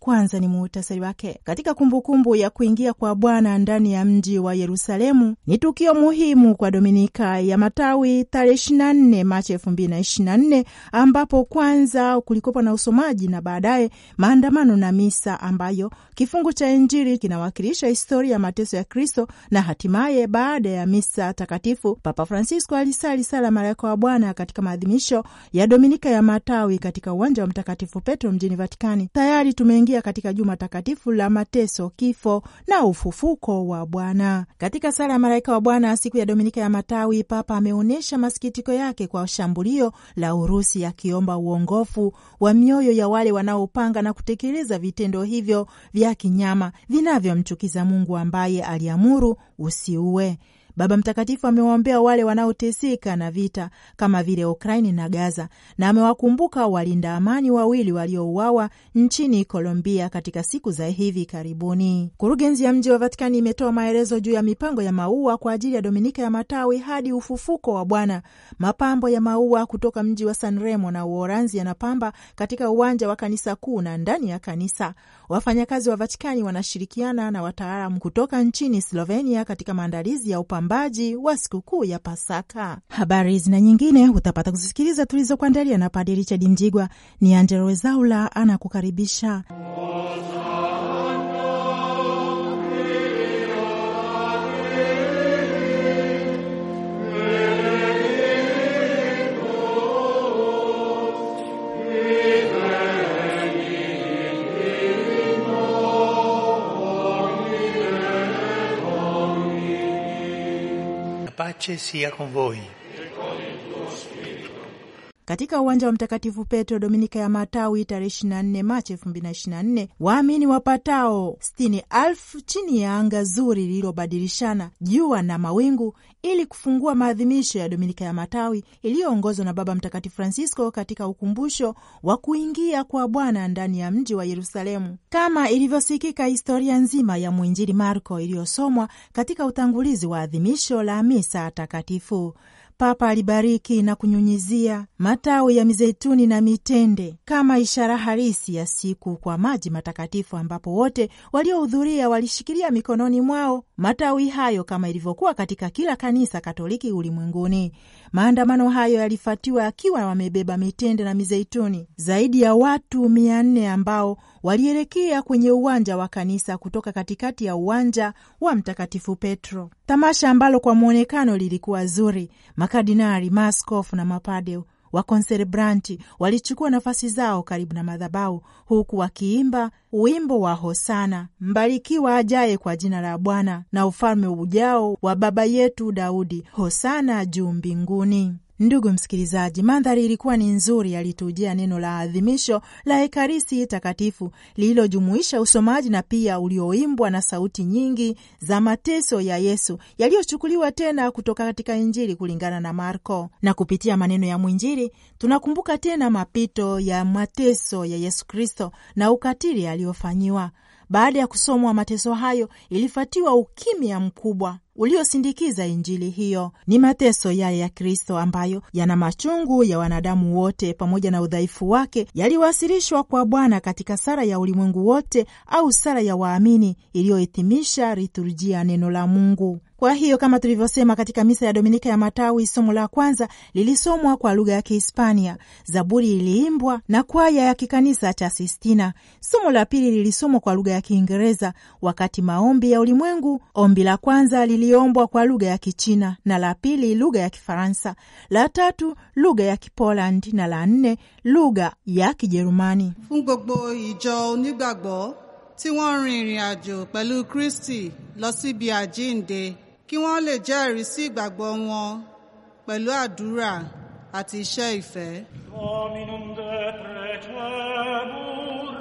kwanza ni muhtasari wake katika kumbukumbu ya kuingia kwa Bwana ndani ya mji wa Yerusalemu. Ni tukio muhimu kwa Dominika ya Matawi tarehe 24 Machi 2024 ambapo kwanza kulikopa na usomaji na baadaye maandamano na misa, ambayo kifungu cha Injili kinawakilisha historia ya mateso ya Kristo, na hatimaye baada ya misa takatifu Papa Francisco alisali sala Malaika wa Bwana katika maadhimisho ya Dominika ya Matawi katika uwanja wa Mtakatifu Petro mjini Vatikani. Tayari tumeingia kuingia katika juma takatifu la mateso, kifo na ufufuko wa Bwana. Katika sala ya malaika wa Bwana siku ya Dominika ya Matawi, Papa ameonyesha masikitiko yake kwa shambulio la Urusi, akiomba uongofu wa mioyo ya wale wanaopanga na kutekeleza vitendo hivyo vya kinyama vinavyomchukiza Mungu ambaye aliamuru usiue. Baba Mtakatifu amewaombea wale wanaoteseka na vita kama vile Ukraini na Gaza, na amewakumbuka walinda amani wawili waliouawa nchini Colombia katika siku za hivi karibuni. Kurugenzi ya mji wa Vatikani imetoa maelezo juu ya mipango ya maua kwa ajili ya Dominika ya Matawi hadi ufufuko wa Bwana. Mapambo ya maua kutoka mji wa San Remo na Uoranzi yanapamba katika uwanja wa kanisa kuu na ndani ya kanisa. Wafanyakazi wa Vatikani wanashirikiana na wataalamu kutoka nchini Slovenia katika maandalizi ya upamba uimbaji wa sikukuu ya Pasaka. Habari zina nyingine utapata kuzisikiliza tulizokuandalia na Padre Richard Mjigwa. Ni Angelo Wezaula anakukaribisha. Pace sia con voi. katika uwanja wa Mtakatifu Petro Dominika ya Matawi tarehe 24 Machi 2024 waamini wapatao sitini chini ya anga zuri lililobadilishana jua na mawingu ili kufungua maadhimisho ya Dominika ya Matawi iliyoongozwa na Baba Mtakatifu Francisco katika ukumbusho wa kuingia kwa Bwana ndani ya mji wa Yerusalemu, kama ilivyosikika historia nzima ya mwinjili Marko iliyosomwa katika utangulizi wa adhimisho la misa takatifu. Papa alibariki na kunyunyizia matawi ya mizeituni na mitende kama ishara halisi ya siku kwa maji matakatifu, ambapo wote waliohudhuria walishikilia mikononi mwao matawi hayo kama ilivyokuwa katika kila kanisa Katoliki ulimwenguni. Maandamano hayo yalifuatiwa akiwa wamebeba mitende na mizeituni, zaidi ya watu mia nne ambao walielekea kwenye uwanja wa kanisa kutoka katikati ya uwanja wa Mtakatifu Petro, tamasha ambalo kwa mwonekano lilikuwa zuri. Makardinali, maaskofu na mapade Wakonserebranti walichukua nafasi zao karibu na madhabahu, huku wakiimba wimbo wa hosana, mbarikiwa ajaye kwa jina la Bwana na ufalme ujao wa baba yetu Daudi, hosana juu mbinguni. Ndugu msikilizaji, mandhari ilikuwa ni nzuri, yalitujia neno la adhimisho la Ekaristi Takatifu lililojumuisha usomaji na pia ulioimbwa na sauti nyingi za mateso ya Yesu yaliyochukuliwa tena kutoka katika Injili kulingana na Marko, na kupitia maneno ya mwinjili tunakumbuka tena mapito ya mateso ya Yesu Kristo na ukatili aliyofanyiwa baada ya kusomwa mateso hayo, ilifuatiwa ukimya mkubwa uliosindikiza Injili hiyo. Ni mateso yale ya Kristo ambayo yana machungu ya wanadamu wote pamoja na udhaifu wake, yaliwasilishwa kwa Bwana katika sala ya ulimwengu wote au sala ya waamini iliyohitimisha liturujia neno la Mungu. Kwa hiyo kama tulivyosema katika misa ya Dominika ya Matawi, somo la kwanza lilisomwa kwa lugha ya Kihispania, zaburi iliimbwa na kwaya ya kikanisa cha Sistina. Somo la pili lilisomwa kwa lugha ya Kiingereza, wakati maombi ya ulimwengu, ombi la kwanza liliombwa kwa lugha ya Kichina na la pili lugha ya Kifaransa, la tatu lugha ya kipoland na la nne lugha ya Kijerumani. Fún gbogbo ìjọ onígbàgbọ́ tí rin Kristi lọ kí wọ́n lè jẹ́rìí sí ìgbàgbọ́ wọn pẹ̀lú àdúrà àti iṣẹ́ ìfẹ́. Dominum de pretuamur,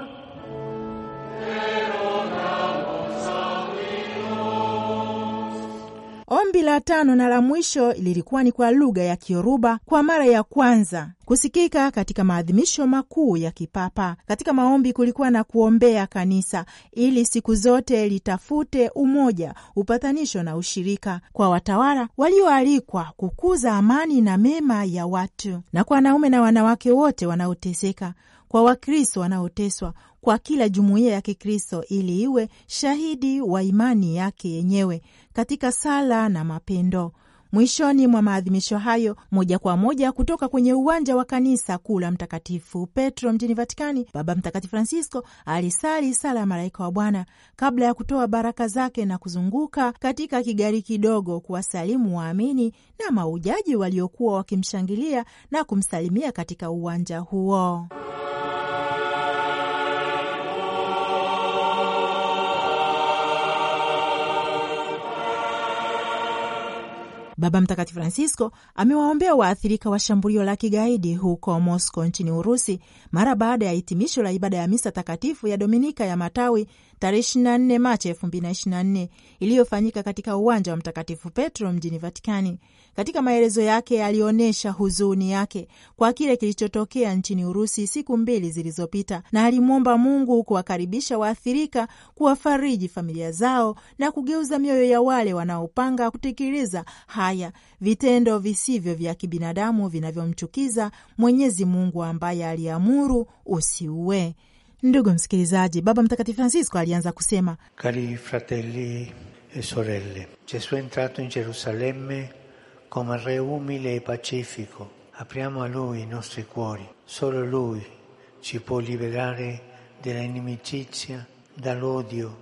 Ombi la tano na la mwisho lilikuwa ni kwa lugha ya Kioruba kwa mara ya kwanza kusikika katika maadhimisho makuu ya kipapa. Katika maombi kulikuwa na kuombea kanisa ili siku zote litafute umoja, upatanisho na ushirika kwa watawala walioalikwa kukuza amani na mema ya watu, na kwa wanaume na wanawake wote wanaoteseka, kwa Wakristo wanaoteswa kwa kila jumuiya ya Kikristo ili iwe shahidi wa imani yake yenyewe katika sala na mapendo. Mwishoni mwa maadhimisho hayo moja kwa moja kutoka kwenye uwanja wa kanisa kuu la Mtakatifu Petro mjini Vatikani, Baba Mtakatifu Francisco alisali sala ya malaika wa Bwana kabla ya kutoa baraka zake na kuzunguka katika kigari kidogo kuwasalimu waamini na maujaji waliokuwa wakimshangilia na kumsalimia katika uwanja huo. Baba Mtakatifu Francisco amewaombea waathirika wa shambulio la kigaidi huko Moscow nchini Urusi mara baada ya hitimisho la ibada ya misa takatifu ya Dominika ya Matawi tarehe 24 Machi 2024 iliyofanyika katika uwanja wa Mtakatifu Petro mjini Vatikani. Katika maelezo yake, alionyesha huzuni yake kwa kile kilichotokea nchini Urusi siku mbili zilizopita, na alimwomba Mungu kuwakaribisha waathirika, kuwafariji familia zao na kugeuza mioyo ya wale wanaopanga kutekeleza haya vitendo visivyo vya kibinadamu vinavyomchukiza Mwenyezi Mungu ambaye aliamuru usiue. Ndugu msikilizaji, Baba Mtakatifu Francisco alianza kusema, cari fratelli e sorelle Gesù è entrato in Gerusalemme come re umile e pacifico apriamo a lui i nostri cuori solo lui ci può liberare dalla inimicizia dall'odio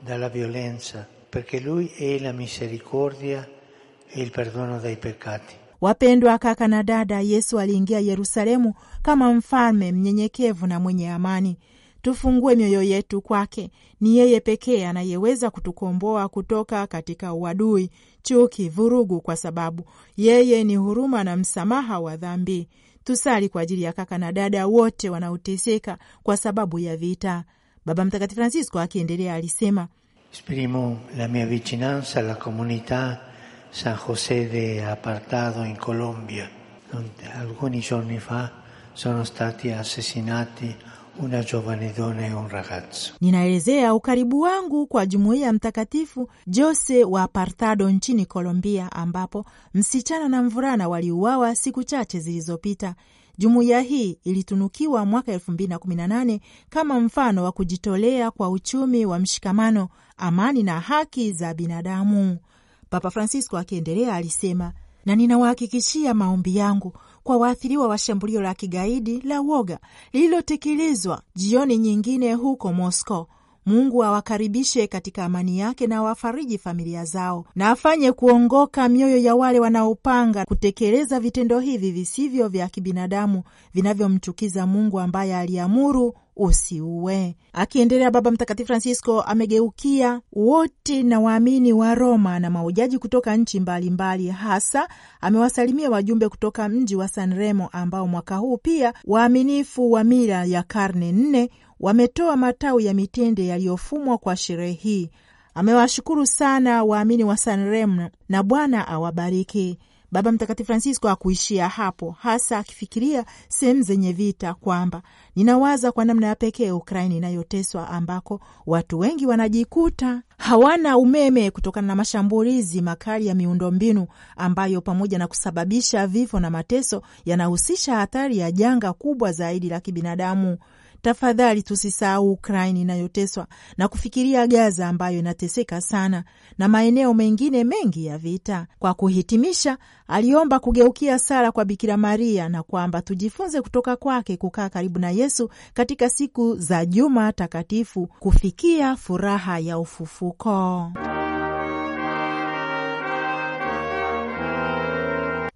dalla violenza perché lui è la misericordia il perdono dei peccati. Wapendwa kaka na dada, Yesu aliingia Yerusalemu kama mfalme mnyenyekevu na mwenye amani. Tufungue mioyo yetu kwake. Ni yeye pekee anayeweza kutukomboa kutoka katika uadui, chuki, vurugu, kwa sababu yeye ni huruma na msamaha wa dhambi. Tusali kwa ajili ya kaka na dada wote wanaoteseka kwa sababu ya vita. Baba Mtakatifu Francisco akiendelea alisema, esprimo la mia vicinanza alla San José de Apartado in Colombia, dove alcuni giorni fa sono stati assassinati una giovane donna e un ragazzo. Ninaelezea ukaribu wangu kwa jumuiya Mtakatifu Jose wa Apartado nchini Colombia, ambapo msichana na mvulana waliuawa siku chache zilizopita. Jumuiya hii ilitunukiwa mwaka 2018 kama mfano wa kujitolea kwa uchumi wa mshikamano, amani na haki za binadamu. Papa Francisco akiendelea alisema, na ninawahakikishia maombi yangu kwa waathiriwa wa shambulio la kigaidi la woga lililotekelezwa jioni nyingine huko Moscow. Mungu awakaribishe katika amani yake na awafariji familia zao na afanye kuongoka mioyo ya wale wanaopanga kutekeleza vitendo hivi visivyo vya kibinadamu vinavyomchukiza Mungu ambaye aliamuru usiuwe Akiendelea, Baba Mtakatifu Francisco amegeukia wote na waamini wa Roma na maujaji kutoka nchi mbalimbali mbali. Hasa amewasalimia wajumbe kutoka mji wa San Remo ambao mwaka huu pia waaminifu wa mila ya karne nne wametoa matawi ya mitende yaliyofumwa kwa sherehe hii. Amewashukuru sana waamini wa San Remo na Bwana awabariki. Baba Mtakatifu Francisco hakuishia hapo, hasa akifikiria sehemu zenye vita, kwamba ninawaza kwa namna ya pekee Ukraini inayoteswa ambako watu wengi wanajikuta hawana umeme kutokana na mashambulizi makali ya miundombinu ambayo pamoja na kusababisha vifo na mateso yanahusisha hatari ya janga kubwa zaidi la kibinadamu Tafadhali tusisahau Ukraini inayoteswa na kufikiria Gaza ambayo inateseka sana na maeneo mengine mengi ya vita. Kwa kuhitimisha, aliomba kugeukia sala kwa Bikira Maria na kwamba tujifunze kutoka kwake kukaa karibu na Yesu katika siku za Juma Takatifu kufikia furaha ya ufufuko.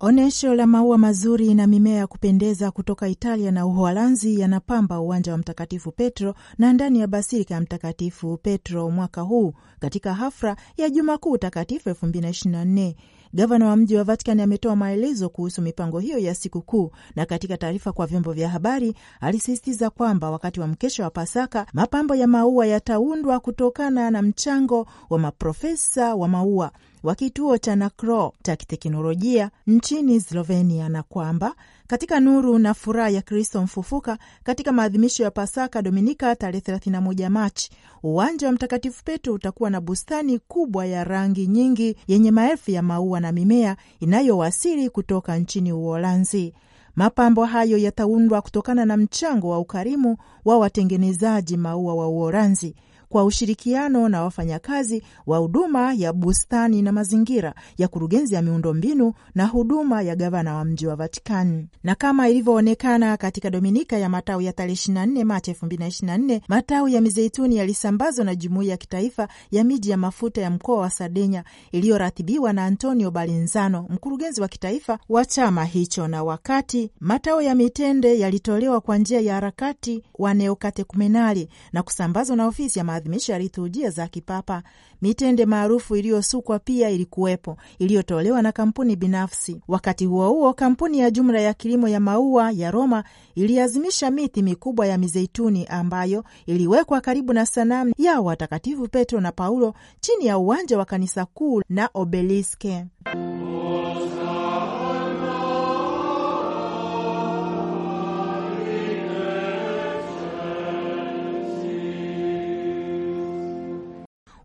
Onyesho la maua mazuri na mimea ya kupendeza kutoka Italia na Uholanzi yanapamba uwanja wa Mtakatifu Petro na ndani ya basilika ya Mtakatifu Petro mwaka huu katika hafla ya Juma Kuu Takatifu 2024 Gavana wa mji wa Vatican ametoa maelezo kuhusu mipango hiyo ya sikukuu, na katika taarifa kwa vyombo vya habari alisisitiza kwamba wakati wa mkesha wa Pasaka mapambo ya maua yataundwa kutokana na mchango wa maprofesa wa maua wa kituo cha Nakro cha kiteknolojia nchini Slovenia na kwamba katika nuru na furaha ya Kristo mfufuka katika maadhimisho ya Pasaka Dominika tarehe 31 Machi. Uwanja wa Mtakatifu Petro utakuwa na bustani kubwa ya rangi nyingi yenye maelfu ya maua na mimea inayowasili kutoka nchini Uholanzi. Mapambo hayo yataundwa kutokana na mchango wa ukarimu wa watengenezaji maua wa Uholanzi kwa ushirikiano na wafanyakazi wa huduma ya bustani na mazingira ya kurugenzi ya miundombinu na huduma ya gavana wa mji wa Vatikani. Na kama ilivyoonekana katika Dominika ya matawi ya tarehe 24 Machi 2024, matawi ya mizeituni yalisambazwa na jumuiya ya kitaifa ya miji ya mafuta ya mkoa wa Sardenya iliyoratibiwa na Antonio Balinzano, mkurugenzi wa kitaifa wa chama hicho, na wakati matawi ya mitende yalitolewa kwa njia ya harakati wa neokatekumenali na kusambazwa na ofisi ya kuadhimisha liturujia za kipapa. Mitende maarufu iliyosukwa pia ilikuwepo, iliyotolewa na kampuni binafsi. Wakati huo huo, kampuni ya jumla ya kilimo ya maua ya Roma iliazimisha miti mikubwa ya mizeituni ambayo iliwekwa karibu na sanamu ya watakatifu Petro na Paulo chini ya uwanja wa kanisa kuu na obeliske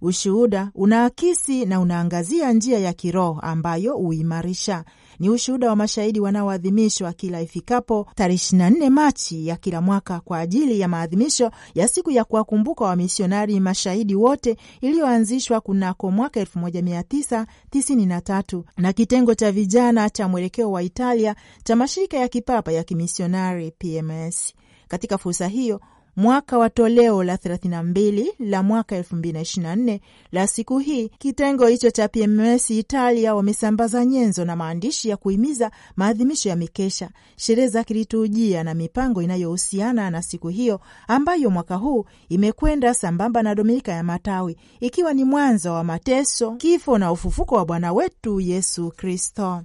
Ushuhuda unaakisi na unaangazia njia ya kiroho ambayo huimarisha ni ushuhuda wa mashahidi wanaoadhimishwa kila ifikapo tarehe 24 Machi ya kila mwaka kwa ajili ya maadhimisho ya siku ya kuwakumbuka wamisionari mashahidi wote iliyoanzishwa kunako mwaka 1993 na kitengo cha vijana cha mwelekeo wa Italia cha mashirika ya kipapa ya kimisionari PMS. Katika fursa hiyo Mwaka wa toleo la 32 la mwaka 2024 la siku hii, kitengo hicho cha PMS Italia wamesambaza nyenzo na maandishi ya kuhimiza maadhimisho ya mikesha, sherehe za kiliturujia na mipango inayohusiana na siku hiyo ambayo mwaka huu imekwenda sambamba na Dominika ya Matawi, ikiwa ni mwanzo wa mateso, kifo na ufufuko wa Bwana wetu Yesu Kristo.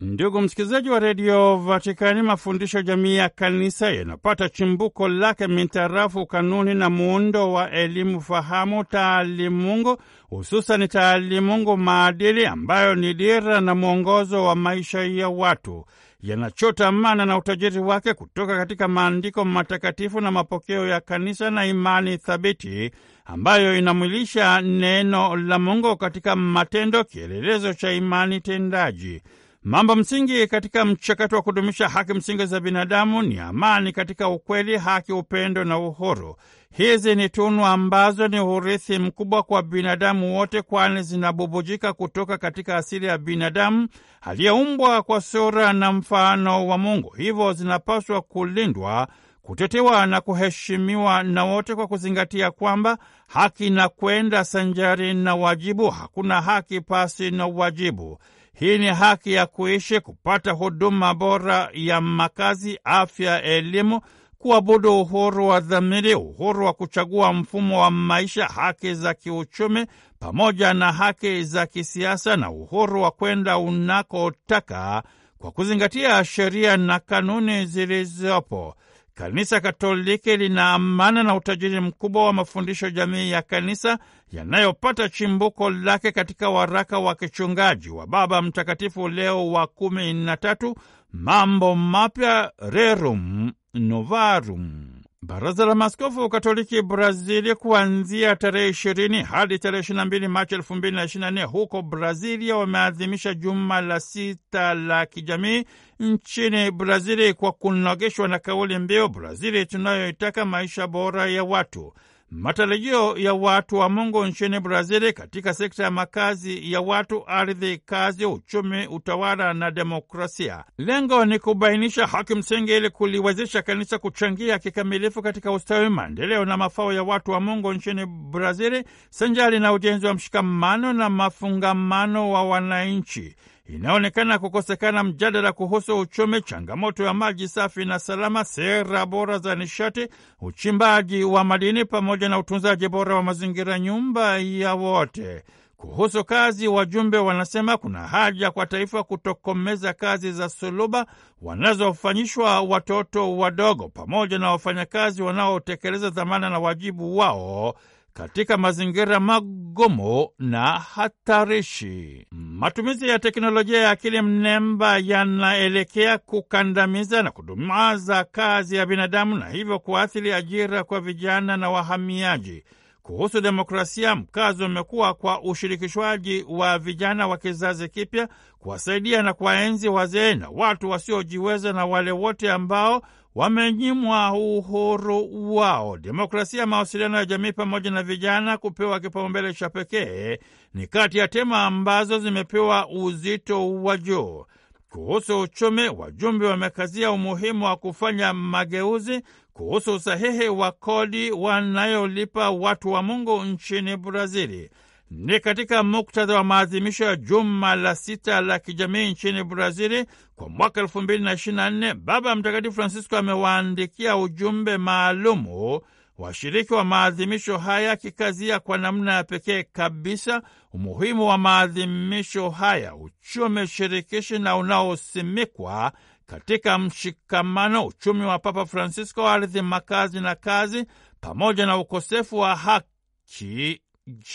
Ndugu msikilizaji wa redio Vatikani, mafundisho jamii ya kanisa yanapata chimbuko lake mintarafu kanuni na muundo wa elimu fahamu taalimungu, hususani taalimungu maadili, ambayo ni dira na mwongozo wa maisha ya watu yanachota mana na utajiri wake kutoka katika maandiko matakatifu na mapokeo ya kanisa na imani thabiti ambayo inamwilisha neno la Mungu katika matendo, kielelezo cha imani tendaji. Mambo msingi katika mchakato wa kudumisha haki msingi za binadamu ni amani katika ukweli, haki, upendo na uhuru. Hizi ni tunu ambazo ni urithi mkubwa kwa binadamu wote, kwani zinabubujika kutoka katika asili ya binadamu aliyeumbwa kwa sura na mfano wa Mungu, hivyo zinapaswa kulindwa kutetewa na kuheshimiwa na wote kwa kuzingatia kwamba haki na kwenda sanjari na wajibu. Hakuna haki pasi na wajibu. Hii ni haki ya kuishi, kupata huduma bora ya makazi, afya, elimu, kuabudu, uhuru wa dhamiri, uhuru wa kuchagua mfumo wa maisha, haki za kiuchumi pamoja na haki za kisiasa na uhuru wa kwenda unakotaka kwa kuzingatia sheria na kanuni zilizopo. Kanisa Katoliki linaamana na utajiri mkubwa wa mafundisho jamii ya kanisa yanayopata chimbuko lake katika waraka wa kichungaji wa Baba Mtakatifu Leo wa kumi na tatu, Mambo Mapya Rerum Novarum. Baraza la Maaskofu Katoliki Brazili kuanzia tarehe ishirini hadi tarehe ishirini na mbili Machi elfu mbili na ishirini na nne huko Brazilia wameadhimisha juma la sita la kijamii nchini Brazili kwa kunogeshwa na kauli mbiu Brazili tunayoitaka, maisha bora ya watu matarajio ya watu wa Mungu nchini Brazili katika sekta ya makazi ya watu, ardhi, kazi, uchumi, utawala na demokrasia. Lengo ni kubainisha haki msingi ili kuliwezesha kanisa kuchangia kikamilifu katika ustawi, maendeleo na mafao ya watu wa Mungu nchini Brazili, sanjari na ujenzi wa mshikamano na mafungamano wa wananchi inaonekana kukosekana mjadala kuhusu uchumi, changamoto ya maji safi na salama, sera bora za nishati, uchimbaji wa madini pamoja na utunzaji bora wa mazingira, nyumba ya wote. Kuhusu kazi, wajumbe wanasema kuna haja kwa taifa kutokomeza kazi za suluba wanazofanyishwa watoto wadogo pamoja na wafanyakazi wanaotekeleza dhamana na wajibu wao katika mazingira magumu na hatarishi. Matumizi ya teknolojia ya akili mnemba yanaelekea kukandamiza na kudumaza kazi ya binadamu na hivyo kuathiri ajira kwa vijana na wahamiaji. Kuhusu demokrasia, mkazo umekuwa kwa ushirikishwaji wa vijana wa kizazi kipya, kuwasaidia na kuwaenzi wazee na watu wasiojiweza na wale wote ambao wamenyimwa uhuru wao. Demokrasia, mawasiliano ya jamii pamoja na vijana kupewa kipaumbele cha pekee ni kati ya tema ambazo zimepewa uzito wa juu. Kuhusu uchumi, wajumbe wamekazia umuhimu wa kufanya mageuzi kuhusu usahihi wa kodi wanayolipa watu wa Mungu nchini Brazili ni katika muktadha wa maadhimisho ya juma la sita la kijamii nchini Brazili kwa mwaka elfu mbili na ishirini na nne, Baba Mtakatifu Francisco amewaandikia ujumbe maalumu washiriki wa maadhimisho haya akikazia kwa namna ya pekee kabisa umuhimu wa maadhimisho haya, uchumi shirikishi na unaosimikwa katika mshikamano, uchumi wa Papa Francisco, ardhi, makazi na kazi, pamoja na ukosefu wa haki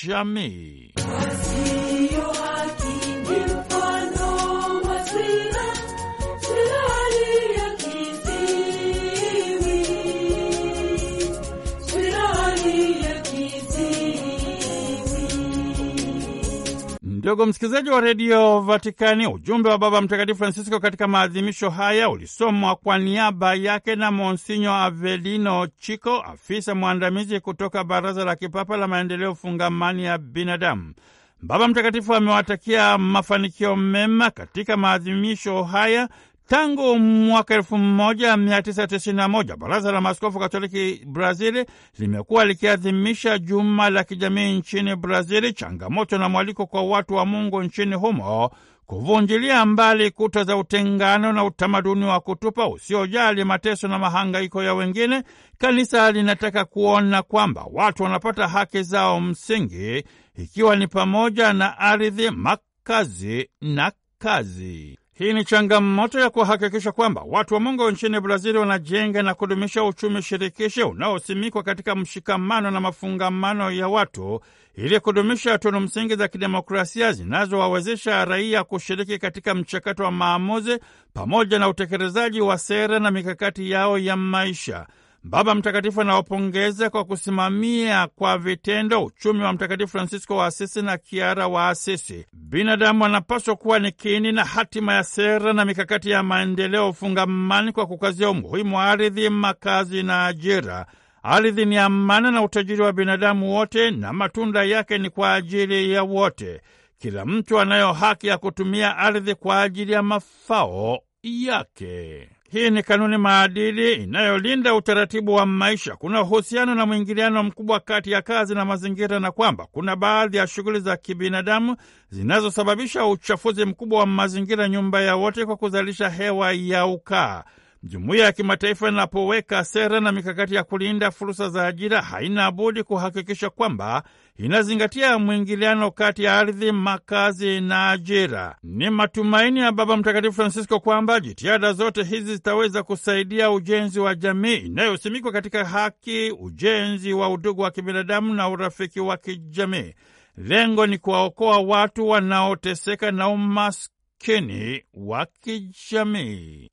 jamii. Ndugu msikilizaji wa redio Vatikani, ujumbe wa Baba Mtakatifu Francisco katika maadhimisho haya ulisomwa kwa niaba yake na Monsinyo Avelino Chico, afisa mwandamizi kutoka Baraza la Kipapa la Maendeleo Fungamani ya Binadamu. Baba Mtakatifu amewatakia mafanikio mema katika maadhimisho haya Tangu mwaka 1991 baraza la maaskofu katoliki Brazili limekuwa likiadhimisha juma la kijamii nchini Brazili, changamoto na mwaliko kwa watu wa Mungu nchini humo kuvunjilia mbali kuta za utengano na utamaduni wa kutupa usiojali mateso na mahangaiko ya wengine. Kanisa linataka kuona kwamba watu wanapata haki zao msingi, ikiwa ni pamoja na ardhi, makazi na kazi. Hii ni changamoto ya kuhakikisha kwamba watu wa Mungu nchini Brazili wanajenga na kudumisha uchumi shirikishi unaosimikwa katika mshikamano na mafungamano ya watu ili kudumisha tunu msingi za kidemokrasia zinazowawezesha raia kushiriki katika mchakato wa maamuzi pamoja na utekelezaji wa sera na mikakati yao ya maisha. Baba Mtakatifu anawapongeza kwa kusimamia kwa vitendo uchumi wa Mtakatifu francisco wa Asisi na Kiara wa Asisi. Binadamu anapaswa kuwa ni kiini na hatima ya sera na mikakati ya maendeleo ufungamani, kwa kukazia umuhimu wa ardhi, makazi na ajira. Ardhi ni amana na utajiri wa binadamu wote, na matunda yake ni kwa ajili ya wote. Kila mtu anayo haki ya kutumia ardhi kwa ajili ya mafao yake. Hii ni kanuni maadili inayolinda utaratibu wa maisha. Kuna uhusiano na mwingiliano mkubwa kati ya kazi na mazingira, na kwamba kuna baadhi ya shughuli za kibinadamu zinazosababisha uchafuzi mkubwa wa mazingira, nyumba ya wote, kwa kuzalisha hewa ya ukaa. Jumuiya ya kimataifa inapoweka sera na mikakati ya kulinda fursa za ajira, haina budi kuhakikisha kwamba inazingatia mwingiliano kati ya ardhi, makazi na ajira. Ni matumaini ya Baba Mtakatifu Francisco kwamba jitihada zote hizi zitaweza kusaidia ujenzi wa jamii inayosimikwa katika haki, ujenzi wa udugu wa kibinadamu na urafiki wa kijamii. Lengo ni kuwaokoa watu wanaoteseka na umaskini wa kijamii.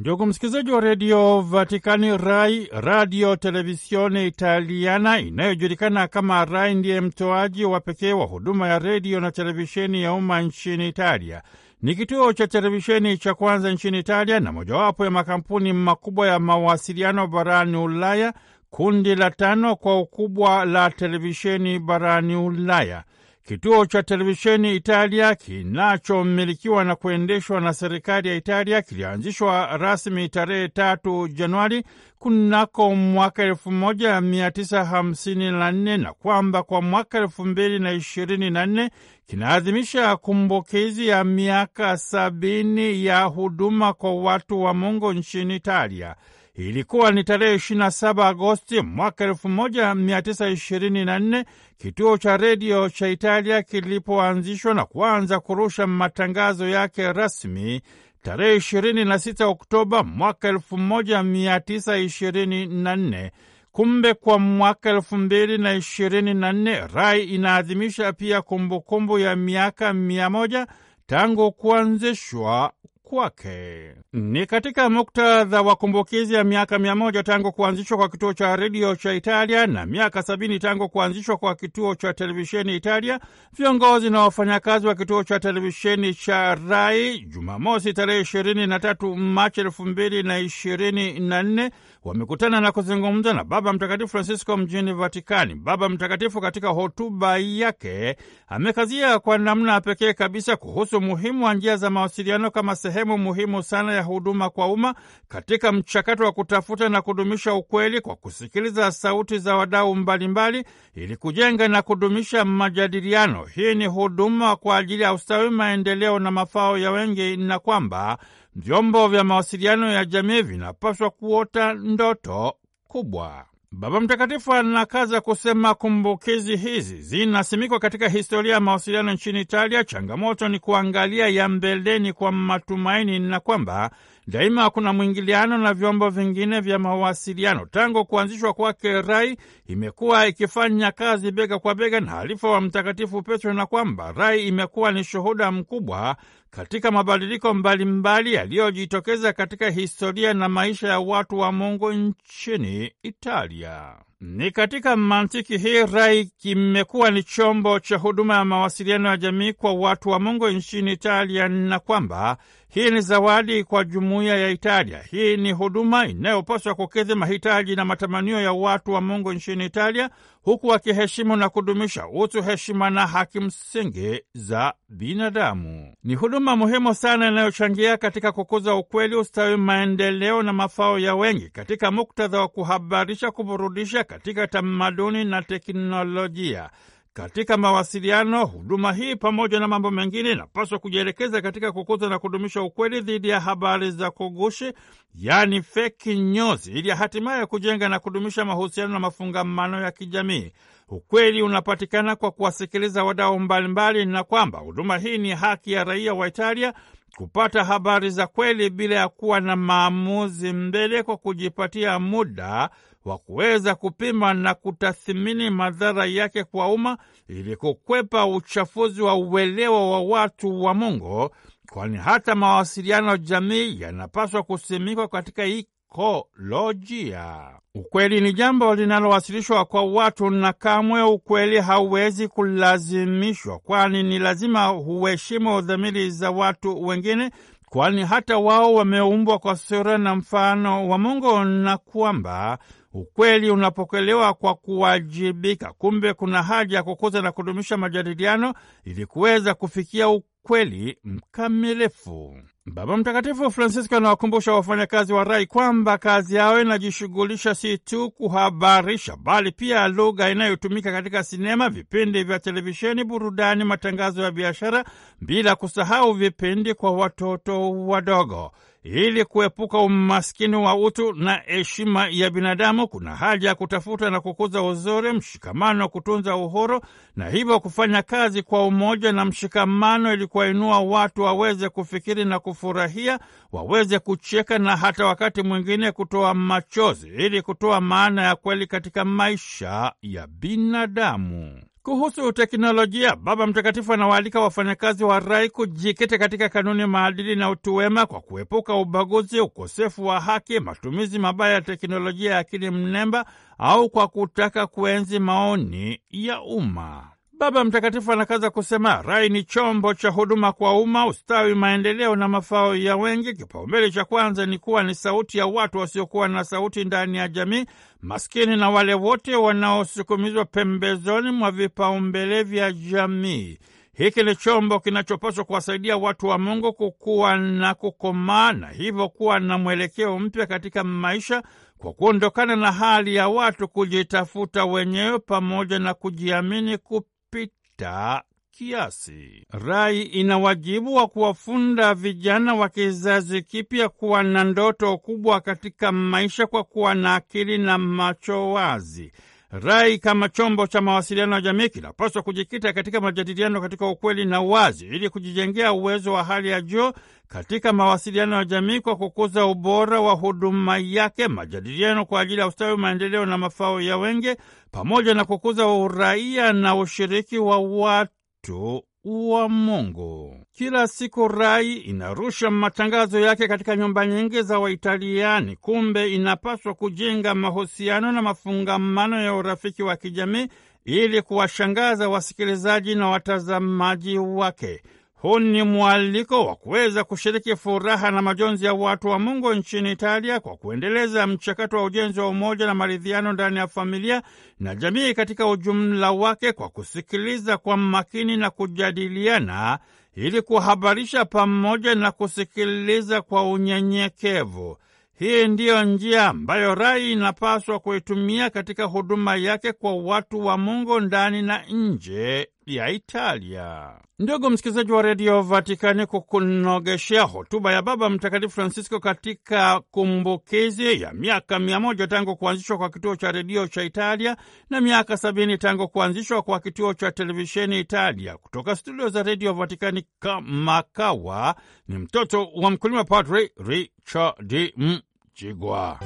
Ndugu msikilizaji wa redio Vatikani, Rai radio televisione Italiana inayojulikana kama Rai ndiye mtoaji wa pekee wa huduma ya redio na televisheni ya umma nchini Italia. Ni kituo cha televisheni cha kwanza nchini Italia na mojawapo ya makampuni makubwa ya mawasiliano barani Ulaya, kundi la tano kwa ukubwa la televisheni barani Ulaya. Kituo cha televisheni Italia kinachomilikiwa na kuendeshwa na serikali ya Italia kilianzishwa rasmi tarehe tatu Januari kunako mwaka elfu moja mia tisa hamsini na nne na kwamba kwa mwaka elfu mbili na ishirini na nne kinaadhimisha kumbukizi ya miaka sabini ya huduma kwa watu wa Mungu nchini Italia. Ilikuwa ni tarehe 27 Agosti mwaka 1924 kituo cha redio cha Italia kilipoanzishwa na kuanza kurusha matangazo yake rasmi tarehe 26 Oktoba mwaka 1924. Kumbe kwa mwaka elfu mbili na ishirini na nne RAI inaadhimisha pia kumbukumbu kumbu ya miaka mia moja tangu kuanzishwa kwake. Ni katika muktadha wa kumbukizi ya miaka mia moja tangu kuanzishwa kwa kituo cha redio cha Italia na miaka sabini tangu kuanzishwa kwa kituo cha televisheni Italia, viongozi na wafanyakazi wa kituo cha televisheni cha Rai Jumamosi tarehe ishirini na tatu Machi elfu mbili na ishirini na nne wamekutana na kuzungumza na Baba Mtakatifu Francisco mjini Vatikani. Baba Mtakatifu katika hotuba yake amekazia kwa namna pekee kabisa kuhusu umuhimu wa njia za mawasiliano kama sehemu muhimu sana ya huduma kwa umma katika mchakato wa kutafuta na kudumisha ukweli kwa kusikiliza sauti za wadau mbalimbali ili kujenga na kudumisha majadiliano. Hii ni huduma kwa ajili ya ustawi, maendeleo na mafao ya wengi na kwamba vyombo vya mawasiliano ya jamii vinapaswa kuota ndoto kubwa. Baba Mtakatifu anakaza kusema kumbukizi hizi zinasimikwa katika historia ya mawasiliano nchini Italia. Changamoto ni kuangalia ya mbeleni kwa matumaini na kwamba Daima kuna mwingiliano na vyombo vingine vya mawasiliano. Tangu kuanzishwa kwake, Rai imekuwa ikifanya kazi bega kwa bega na halifa wa Mtakatifu Petro, na kwamba Rai imekuwa ni shuhuda mkubwa katika mabadiliko mbalimbali yaliyojitokeza katika historia na maisha ya watu wa Mungu nchini Italia. Ni katika mantiki hii RAI kimekuwa ni chombo cha huduma ya mawasiliano ya jamii kwa watu wa Mungu nchini Italia, na kwamba hii ni zawadi kwa jumuiya ya Italia. Hii ni huduma inayopaswa kukidhi mahitaji na matamanio ya watu wa Mungu nchini Italia, huku wakiheshimu na kudumisha utu, heshima na haki msingi za binadamu. Ni huduma muhimu sana inayochangia katika kukuza ukweli, ustawi, maendeleo na mafao ya wengi katika muktadha wa kuhabarisha, kuburudisha katika tamaduni na teknolojia. Katika mawasiliano, huduma hii pamoja na mambo mengine inapaswa kujielekeza katika kukuza na kudumisha ukweli dhidi ya habari za kugushi, yaani fake news, ili hatimaye kujenga na kudumisha mahusiano na mafungamano ya kijamii. Ukweli unapatikana kwa kuwasikiliza wadau mbalimbali, na kwamba huduma hii ni haki ya raia wa Italia kupata habari za kweli bila ya kuwa na maamuzi mbele, kwa kujipatia muda kwa kuweza kupima na kutathimini madhara yake kwa umma ili kukwepa uchafuzi wa uelewa wa watu wa Mungu, kwani hata mawasiliano jamii yanapaswa kusimikwa katika ikolojia. Ukweli ni jambo linalowasilishwa kwa watu na kamwe ukweli hauwezi kulazimishwa, kwani ni lazima huheshimu dhamiri za watu wengine, kwani hata wao wameumbwa kwa sura na mfano wa Mungu na kwamba Ukweli unapokelewa kwa kuwajibika. Kumbe kuna haja ya kukuza na kudumisha majadiliano ili kuweza kufikia kweli mkamilifu. Baba Mtakatifu Francisco anawakumbusha wafanyakazi wa rai kwamba kazi yao inajishughulisha si tu kuhabarisha, bali pia lugha inayotumika katika sinema, vipindi vya televisheni, burudani, matangazo ya biashara, bila kusahau vipindi kwa watoto wadogo. Ili kuepuka umaskini wa utu na heshima ya binadamu, kuna haja ya kutafuta na kukuza uzuri, mshikamano, kutunza uhuru na hivyo kufanya kazi kwa umoja na mshikamano ili kuwainua watu waweze kufikiri na kufurahia, waweze kucheka na hata wakati mwingine kutoa machozi, ili kutoa maana ya kweli katika maisha ya binadamu. Kuhusu teknolojia, Baba Mtakatifu anawaalika wafanyakazi wa RAI kujikita katika kanuni, maadili na utu wema kwa kuepuka ubaguzi, ukosefu wa haki, matumizi mabaya ya teknolojia ya akili mnemba au kwa kutaka kuenzi maoni ya umma. Baba Mtakatifu anakaza kusema rai ni chombo cha huduma kwa umma, ustawi, maendeleo na mafao ya wengi. Kipaumbele cha kwanza ni kuwa ni sauti ya watu wasiokuwa na sauti ndani ya jamii, maskini na wale wote wanaosukumizwa pembezoni mwa vipaumbele vya jamii. Hiki ni chombo kinachopaswa kuwasaidia watu wa Mungu kukuwa na kukomaa na hivyo kuwa na mwelekeo mpya katika maisha kwa kuondokana na hali ya watu kujitafuta wenyewe pamoja na kujiamini kupi kupita kiasi. Rai ina wajibu wa kuwafunda vijana wa kizazi kipya kuwa na ndoto kubwa katika maisha kwa kuwa na akili na macho wazi. Rai kama chombo cha mawasiliano ya jamii kinapaswa kujikita katika majadiliano katika ukweli na wazi ili kujijengea uwezo wa hali ya juu katika mawasiliano ya jamii kwa kukuza ubora wa huduma yake, majadiliano kwa ajili ya ustawi, maendeleo na mafao ya wengi, pamoja na kukuza uraia na ushiriki wa watu wa Mungu. Kila siku Rai inarusha matangazo yake katika nyumba nyingi za Waitaliani. Kumbe inapaswa kujenga mahusiano na mafungamano ya urafiki wa kijamii ili kuwashangaza wasikilizaji na watazamaji wake. Huu ni mwaliko wa kuweza kushiriki furaha na majonzi ya watu wa Mungu nchini Italia kwa kuendeleza mchakato wa ujenzi wa umoja na maridhiano ndani ya familia na jamii katika ujumla wake kwa kusikiliza kwa makini na kujadiliana ili kuhabarisha pamoja na kusikiliza kwa unyenyekevu. Hii ndiyo njia ambayo rai inapaswa kuitumia katika huduma yake kwa watu wa Mungu ndani na nje ya Italia. Ndugu msikilizaji wa redio Vatikani, kukunogeshea hotuba ya Baba Mtakatifu Francisco katika kumbukizi ya miaka mia moja tangu kuanzishwa kwa kituo cha redio cha Italia na miaka sabini tangu kuanzishwa kwa kituo cha televisheni Italia. Kutoka studio za redio Vatikani kamakawa ni mtoto wa mkulima, Padri Richard Mjigwa.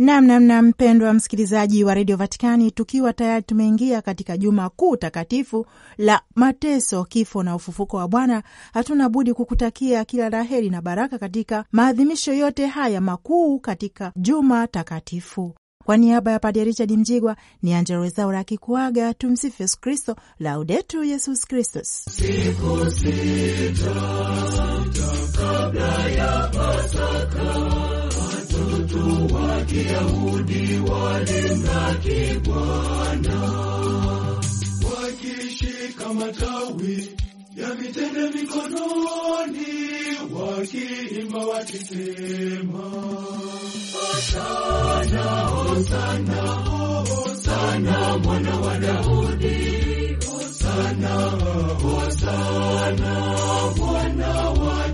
Namnamna mpendwa msikilizaji wa redio Vatikani, tukiwa tayari tumeingia katika juma kuu takatifu la mateso, kifo na ufufuko wa Bwana, hatuna budi kukutakia kila laheri na baraka katika maadhimisho yote haya makuu katika juma takatifu. Kwa niaba ya Padre Richard Mjigwa ni Angelo Wezaura akikuaga. Tumsifu Yesu Kristo, Laudetur Yesus Kristus. Siku sita kabla ya Pasaka watu wa Kiyahudi walimlaki Bwana wakishika matawi ya mitende mikononi wakiimba wakisema, Hosana, Hosana, Hosana mwana wa Daudi, Hosana, Hosana mwana wa